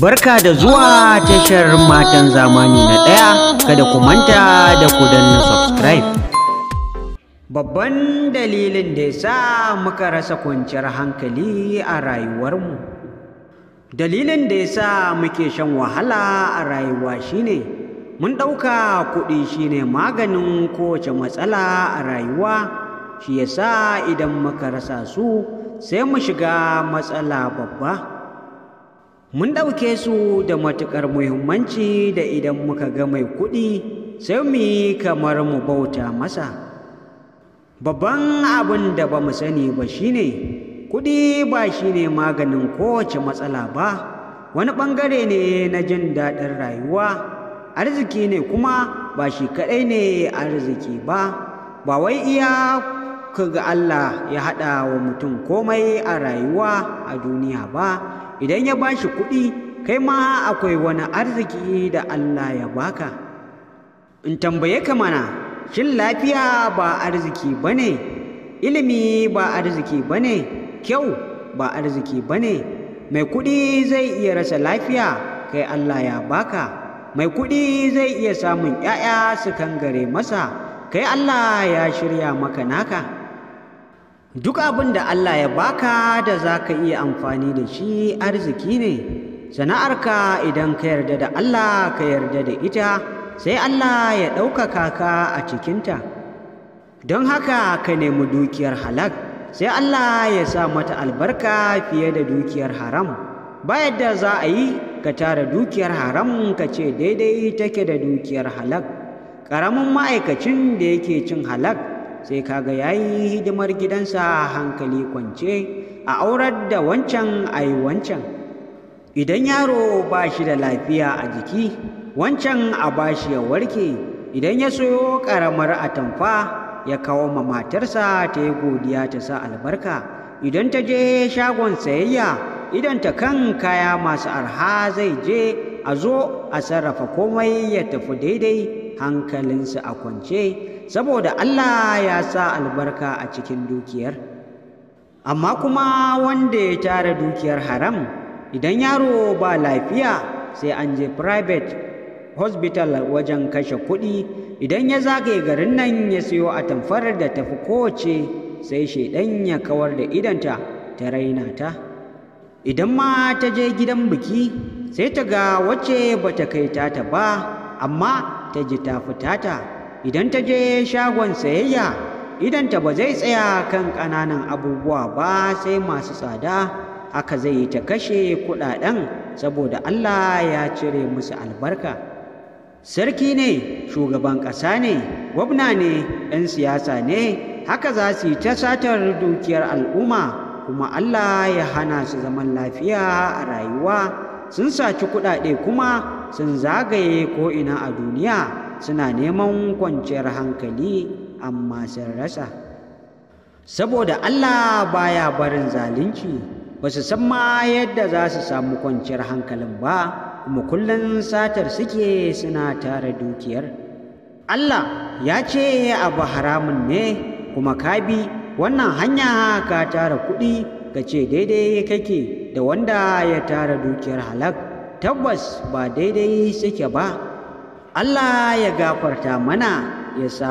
Barka da zuwa tashar matan zamani na ɗaya kada ku manta da ku danna subscribe. Babban dalilin da ya sa muka rasa kwanciyar hankali a rayuwarmu. Dalilin da ya sa muke shan wahala a rayuwa shine mun ɗauka kuɗi shine maganin kowace matsala a rayuwa shi ya sa idan muka rasa su sai mu shiga matsala babba. mun ɗauke su da matuƙar muhimmanci da idan muka ga mai kuɗi sai mu yi kamar mu bauta masa babban abin da ba mu sani ba shine kuɗi ba shine maganin kowace matsala ba wani ɓangare ne na jin daɗin rayuwa arziki ne kuma ba shi kaɗai ne arziki ba ba wai iya kaga Allah ya haɗa wa mutum komai a rayuwa a duniya ba idan ya bashi kuɗi kai ma akwai wani arziki da Allah ya baka in tambaye ka mana shin lafiya ba arziki ba ne? ilimi ba arziki ba ne? kyau ba arziki ba ne? mai kuɗi zai iya rasa lafiya kai Allah ya baka mai kuɗi zai iya samun ‘ya'ya su kangare masa kai Allah ya shirya maka naka. duk abin da Allah ya baka da za ka iya amfani da shi arziki ne sana'arka idan ka yarda da Allah ka yarda da ita sai Allah ya ɗaukaka ka a cikinta don haka ka nemi dukiyar halak sai Allah ya sa mata albarka fiye da dukiyar haram ba yadda za a yi ka tara dukiyar haram ka ce daidai take da dukiyar halak ƙaramin ma'aikacin da yake cin halak sai kaga yayi hidimar gidansa hankali kwance a aurar da wancan yi wancan idan yaro ba shi da lafiya a jiki wancan a ba shi ya warke idan ya soyo ƙaramar atamfa ya kawo ma matarsa ta yi godiya ta sa albarka idan ta je shagon sayayya idan ta kan kaya masu arha zai je a zo a sarrafa komai ya tafi daidai hankalinsa a kwance saboda Allah ya sa albarka a cikin dukiyar amma kuma wanda ya tara dukiyar haram idan yaro ba lafiya sai an je private hospital wajen kashe kuɗi idan ya zagaye garin nan ya siyo a tamfarar da tafi kowace sai shaidan ya kawar da idanta ta raina ta idan ma ta je gidan biki sai ta ga wacce bata kai tata ba amma ta ji ta fitata idan ta je shagon sayayya idanta ba zai tsaya kan ƙananan abubuwa ba sai masu tsada haka zai yi ta kashe kuɗaɗen saboda Allah ya cire musu albarka sarki ne shugaban ƙasa ne gwamna ne ɗan siyasa ne haka za su yi ta satar dukiyar al'umma kuma Allah ya hana su zaman lafiya a rayuwa sun saci kuɗaɗe kuma sun zagaye ko'ina a duniya suna neman kwanciyar hankali amma sun rasa saboda Allah baya barin zalunci ba su san ma yadda za su samu kwanciyar hankalin ba kuma kullum satar suke suna tara dukiyar Allah ya ce abu haramun ne kuma kabi. wannan hanya ka tara kuɗi ka ce daidai kake da wanda ya tara dukiyar halak tabbas ba daidai suke ba Allah ya gafarta mana ya sa